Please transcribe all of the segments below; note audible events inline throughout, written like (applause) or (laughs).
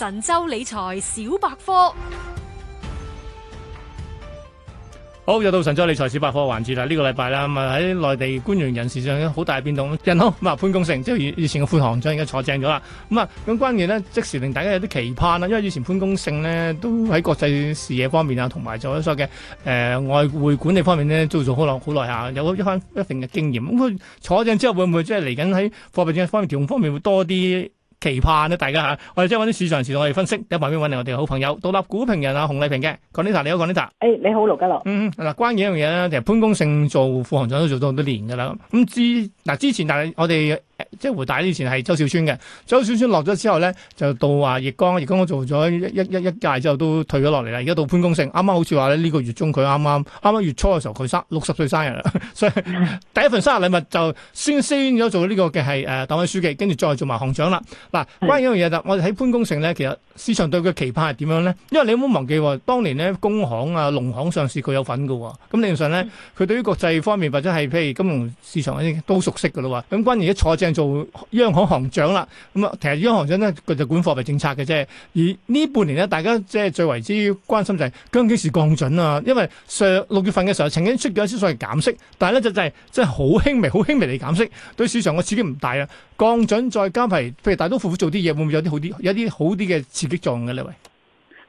神州理財小百科，好又到神州理財小百科嘅環節啦！呢個禮拜啦，咁啊喺內地官員人士上有好大嘅變動。銀行咁啊潘功勝，即係以前嘅副行長，而家坐正咗啦。咁啊咁關鍵咧，即時令大家有啲期盼啦，因為以前潘功勝咧都喺國際視野方面啊，同埋做一啲嘅誒外匯管理方面咧，做咗好耐好耐下，有一番一定嘅經驗。咁佢坐正之後會唔會即係嚟緊喺貨幣政策方面調控方面會多啲？期盼咧大家吓，我哋即係揾啲市場事同我哋分析，喺旁邊揾嚟，我哋嘅好朋友獨立股評人啊洪麗萍嘅，講呢集你好，講呢集，誒、欸、你好盧家樂，嗯嗱，關於一樣嘢咧，其實潘功勝做副行長都做咗好多年噶啦，咁之嗱之前但係我哋。即係回大之前係周小川嘅，周小川落咗之後咧，就到話、啊、易綱，易綱我做咗一一一,一屆之後都退咗落嚟啦。而家到潘功勝，啱啱好似話咧呢、這個月中佢啱啱啱啱月初嘅時候佢生六十歲生日啦， (laughs) 所以第一份生日禮物就先先咗做呢個嘅係誒黨委書記，跟住再做埋行長啦。嗱，關於一樣嘢就我哋喺潘功勝咧，其實市場對佢嘅期盼係點樣咧？因為你有冇忘記當年咧工行啊、農行上市佢有份嘅喎、哦，咁理論上咧佢對於國際方面或者係譬如金融市場嗰啲都熟悉嘅啦喎。咁關於而家坐正。做央行行長啦，咁、嗯、啊，其實央行行長咧佢就管貨幣政策嘅啫。而呢半年咧，大家即係最為之關心就係究竟幾時降準啊，因為上六月份嘅時候曾經出咗一啲所謂減息，但係咧就係、就係即係好輕微、好輕微地減息，對市場個刺激唔大啊。降準再加埋譬如大刀闊斧做啲嘢，會唔會有啲好啲、有啲好啲嘅刺激作用嘅咧？喂。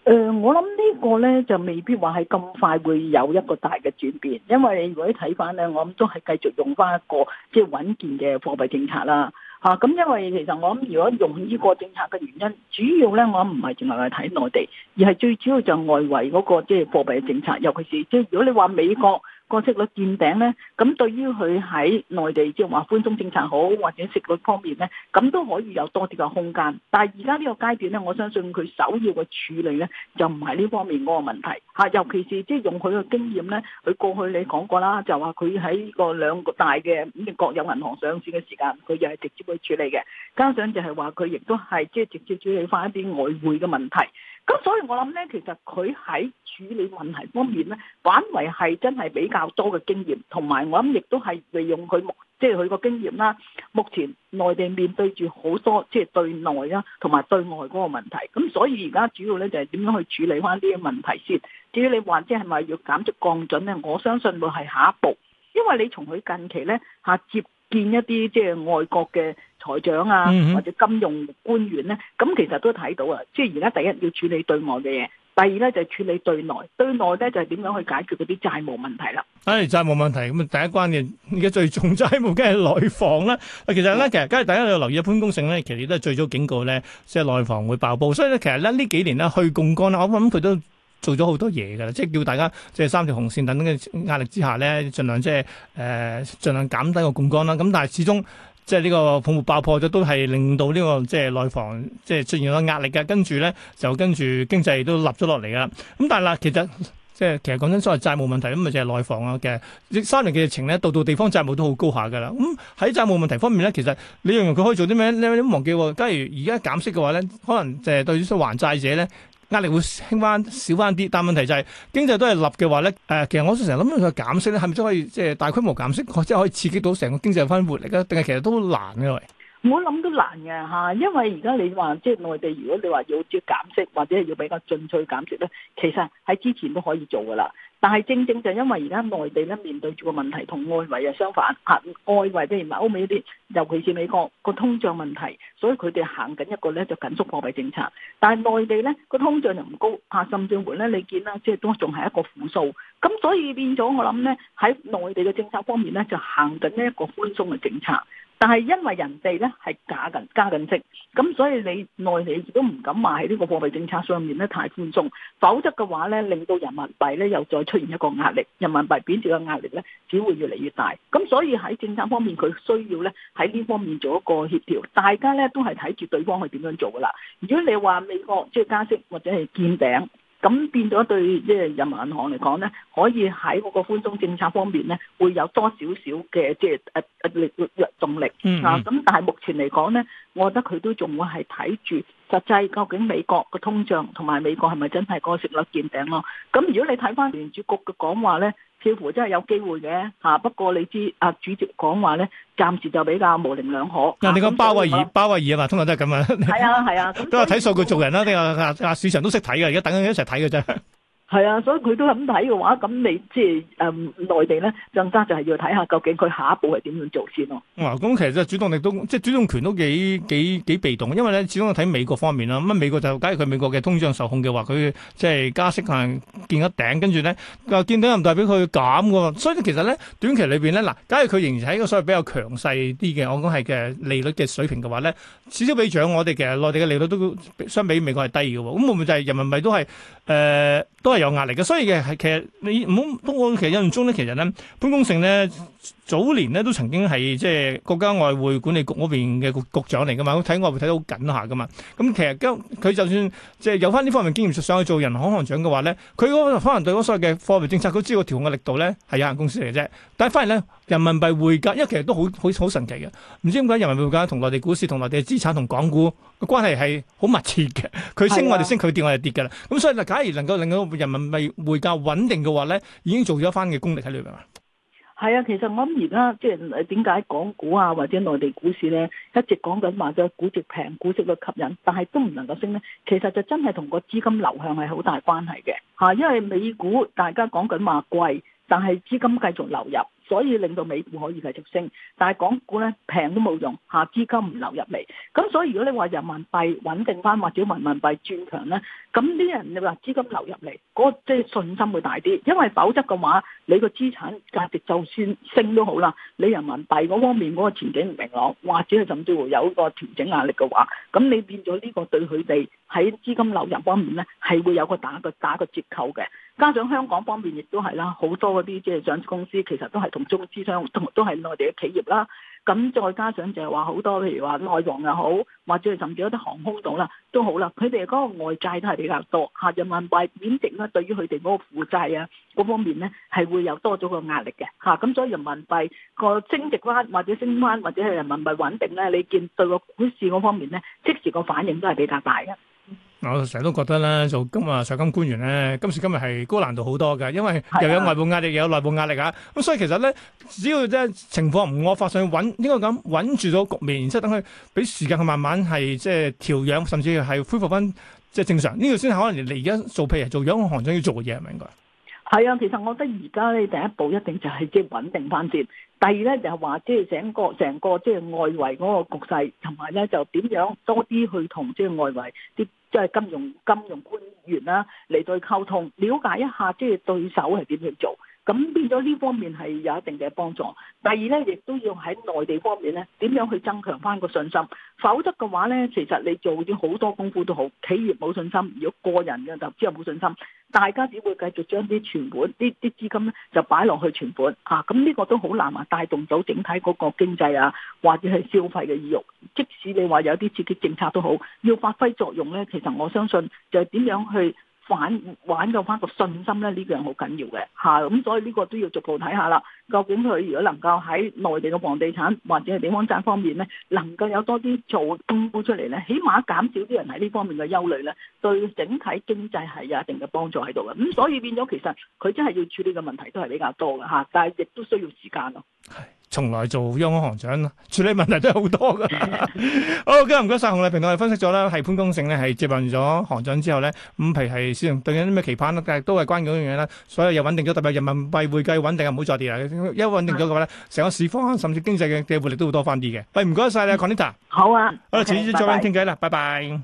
誒、呃，我諗呢個呢，就未必話係咁快會有一個大嘅轉變，因為如果你睇翻呢，我諗都係繼續用翻一個即係、就是、穩健嘅貨幣政策啦，吓、啊、咁因為其實我諗如果用呢個政策嘅原因，主要呢，我唔係淨係去睇內地，而係最主要就外圍嗰、那個即係、就是、貨幣政策，尤其是即係如果你話美國，個息率見頂咧，咁對於佢喺內地即係話寬鬆政策好或者息率方面咧，咁都可以有多啲嘅空間。但係而家呢個階段咧，我相信佢首要嘅處理咧，就唔係呢方面嗰個問題嚇。尤其是即係用佢嘅經驗咧，佢過去你講過啦，就話佢喺呢個兩個大嘅咁嘅國有銀行上市嘅時間，佢又係直接去處理嘅。加上就係話佢亦都係即係直接處理翻一啲外匯嘅問題。咁所以，我諗咧，其實佢喺處理問題方面咧，反而係真係比較多嘅經驗，同埋我諗亦都係利用佢目，即係佢個經驗啦。目前內地面對住好多，即係對內啦，同埋對外嗰個問題。咁所以而家主要咧就係點樣去處理翻呢個問題先。至於你話即係咪要減速降準咧，我相信會係下一步，因為你從佢近期咧吓接。見一啲即係外國嘅財長啊，或者金融官員咧，咁其實都睇到啊。即係而家第一要處理對外嘅嘢，第二咧就係處理對內，對內咧就係點樣去解決嗰啲債務問題啦。誒，債務問題咁啊，第一關鍵而家最重債務梗係內房啦。誒，其實咧，其實梗係大家有留意潘功勝咧，其實亦都係最早警告咧，即係內房會爆煲，所以咧，其實咧呢幾年咧去槓桿啦，我諗佢都。做咗好多嘢噶，即係叫大家即係三條紅線等等嘅壓力之下咧，儘量即係，誒儘量減低個槓桿啦。咁但係始終即係呢個泡沫爆破咗，都係令到呢、這個即係內房即係出現咗壓力嘅。跟住咧，就跟住經濟都立咗落嚟啦。咁但係啦，其實即係其實講真，所謂債務問題咁咪就係內房啊嘅三年嘅疫情咧，到到地方債務都好高下噶啦。咁喺債務問題方面咧，其實你用用佢可以做啲咩咧？你唔好忘記，假如而家減息嘅話咧，可能誒對住啲還債者咧。呢呢呢呢呢壓力會輕翻少翻啲，但問題就係、是、經濟都係立嘅話咧，誒、呃，其實我想成日諗，如果減息咧，係咪真可以即係、就是、大規模減息，或者可以刺激到成個經濟有返活力咧？定係其實都好難嘅喂。我諗都難嘅嚇，因為而家你話即係內地，如果你話要即係減息，或者係要比較進取減息咧，其實喺之前都可以做噶啦。但係正正就因為而家內地咧面對住個問題，同外圍係相反嚇。外圍譬如話歐美嗰啲，尤其是美國個通脹問題，所以佢哋行緊一個咧就緊縮貨幣政策。但係內地咧個通脹又唔高嚇，怕甚至乎咧你見啦，即係都仲係一個負數。咁所以變咗，我諗咧喺內地嘅政策方面咧，就行緊呢一個寬鬆嘅政策。但係因為人哋咧係加緊加緊息，咁所以你內地亦都唔敢話喺呢個貨幣政策上面咧太寬鬆，否則嘅話咧令到人民幣咧又再出現一個壓力，人民幣貶值嘅壓力咧只會越嚟越大。咁所以喺政策方面，佢需要咧喺呢方面做一個協調，大家咧都係睇住對方去點樣做嘅啦。如果你話美國即係加息或者係見頂。咁變咗對即係人民銀行嚟講咧，可以喺嗰個寬鬆政策方面咧，會有多少少嘅即係誒誒力力動力,力,力,力,力 (noise) 啊！咁但係目前嚟講咧，我覺得佢都仲會係睇住。實際究竟美國嘅通脹同埋美國係咪真係高息率見頂咯？咁如果你睇翻聯儲局嘅講話咧，似乎真係有機會嘅嚇。不過你知阿主席講話咧，暫時就比較模稜兩可。嗱、啊，你講鮑威爾，鮑威爾啊嘛，通常都係咁樣。係啊，係啊，都係睇數據做人啦。呢個阿阿市場都識睇嘅，而家等緊一齊睇嘅啫。係啊，所以佢都咁睇嘅話，咁你即係誒內地咧，更加就係要睇下究竟佢下一步係點樣做先咯，啊。咁其實即係主動力都，即係主動權都幾幾幾被動，因為咧始終睇美國方面啦。咁啊美國就假如佢美國嘅通脹受控嘅話，佢即係加息限見一頂，跟住咧又見頂又唔代表佢減嘅喎。所以其實咧短期裏邊咧，嗱假如佢仍然喺一個所謂比較強勢啲嘅，我講係嘅利率嘅水平嘅話咧，此消彼長，我哋其實內地嘅利率都相比美國係低嘅喎。咁會唔會就係人民幣都係誒、呃、都係？有壓力嘅，所以嘅係其實你唔好，不過其實印象中咧，其實咧潘功勝咧早年咧都曾經係即係國家外匯管理局嗰邊嘅局局長嚟噶嘛，睇外匯睇得好緊下噶嘛。咁其實佢就，就算即係、就是、有翻呢方面經驗，上去做人行行長嘅話咧，佢可能對嗰所謂嘅貨幣政策佢知道個調控嘅力度咧，係有限公司嚟啫。但係反而咧，人民幣匯價，因為其實都好好好神奇嘅，唔知點解人民幣匯價同內地股市、同內地資產、同港股嘅關係係好密切嘅。佢升我哋升，佢的跌我哋跌㗎啦。咁所以假如能夠令到人咪回價穩定嘅話咧，已經做咗翻嘅功力喺裏邊啊！係啊，其實我諗而家即係點解港股啊或者內地股市咧一直講緊話個估值平，股息率吸引，但係都唔能夠升咧。其實就真係同個資金流向係好大關係嘅吓，因為美股大家講緊話貴，但係資金繼續流入，所以令到美股可以繼續升。但係港股咧平都冇用吓，資金唔流入嚟。咁所以如果你話人民幣穩定返，或者人民幣轉強咧，咁啲人你話資金流入嚟，嗰個即係信心會大啲，因為否則嘅話，你個資產價值就算升都好啦，你人民幣嗰方面嗰個前景唔明朗，或者係甚至會有個調整壓力嘅話，咁你變咗呢個對佢哋喺資金流入方面咧，係會有個打個打個折扣嘅。加上香港方面亦都係啦，好多嗰啲即係上市公司其實都係同中資相同，都係內地嘅企業啦。咁再加上就係話好多，譬如話內房又好，或者係甚至嗰啲航空度啦，都好啦。佢哋嗰個外債都係比較多吓，人民幣貶值咧，對於佢哋嗰個負債啊嗰方面咧，係會有多咗個壓力嘅吓。咁、啊、所以人民幣個升值啦，或者升翻，或者係人民幣穩定咧，你見對個股市嗰方面咧，即時個反應都係比較大嘅。我成日都覺得咧，就今日上金官員咧，今時今日係高難度好多㗎，因為又有外部壓力，又有內部壓力啊。咁所以其實咧，只要即係情況唔惡化，上揾應該咁穩住咗局面，然之後等佢俾時間去慢慢係即係調養，甚至係恢復翻即係正常。呢個先係可能你而家做，譬如做央行長要做嘅嘢，係咪應該？係啊，其實我覺得而家咧第一步一定就係即係穩定翻先，第二咧就係話即係整個成個即係外圍嗰個局勢，同埋咧就點樣多啲去同即係外圍啲。即係金融金融官員啦、啊，嚟到溝通，瞭解一下即係、就是、對手係點去做。咁變咗呢方面係有一定嘅幫助。第二咧，亦都要喺內地方面咧，點樣去增強翻個信心。否則嘅話咧，其實你做咗好多功夫都好，企業冇信心，如果個人嘅就只有冇信心，大家只會繼續將啲存款、啲啲資金咧就擺落去存款。嚇、啊，咁呢個都好難話、啊、帶動到整體嗰個經濟啊，或者係消費嘅意欲。即使你話有啲刺激政策都好，要發揮作用咧，其實我相信就係點樣去。反挽救翻個信心咧，呢、這個、人好緊要嘅嚇，咁、啊、所以呢個都要逐步睇下啦。究竟佢如果能夠喺內地嘅房地產或者係地方債方面咧，能夠有多啲做公布、嗯嗯、出嚟咧，起碼減少啲人喺呢方面嘅憂慮咧，對整體經濟係有一定嘅幫助喺度嘅。咁、嗯、所以變咗其實佢真係要處理嘅問題都係比較多嘅嚇、啊，但係亦都需要時間咯。係。從來做央行行長，處理問題都係好多噶。好，今日唔該晒洪麗萍，我哋分析咗啦，係潘功勝咧係接任咗行長之後咧，唔係係先對緊啲咩期盼啦，但係都係關緊一樣嘢啦。所有又穩定咗，特別人民幣匯計穩定，唔好再跌啦。一穩定咗嘅話咧，成、啊、個市方甚至經濟嘅嘅活力都會多翻啲嘅。喂，唔該晒你啊，Conita。好啊。我哋遲啲再搵傾偈啦，拜拜、okay,。